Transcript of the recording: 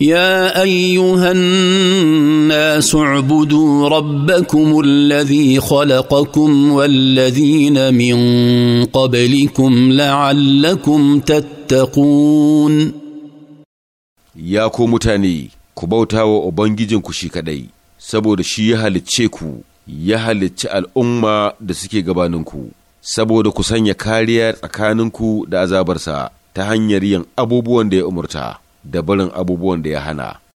يا ايها الناس اعبدوا ربكم الذي خلقكم والذين من قبلكم لعلكم تتقون يا ku mutane ku bauta wa ubangijinku shi kaɗai, saboda shi ya halicce ku ya halicci al'umma da suke gabaninku saboda ku sanya kariya tsakaninku da azabarsa ta hanyar yin abubuwan da ya umarta da barin abubuwan da ya hana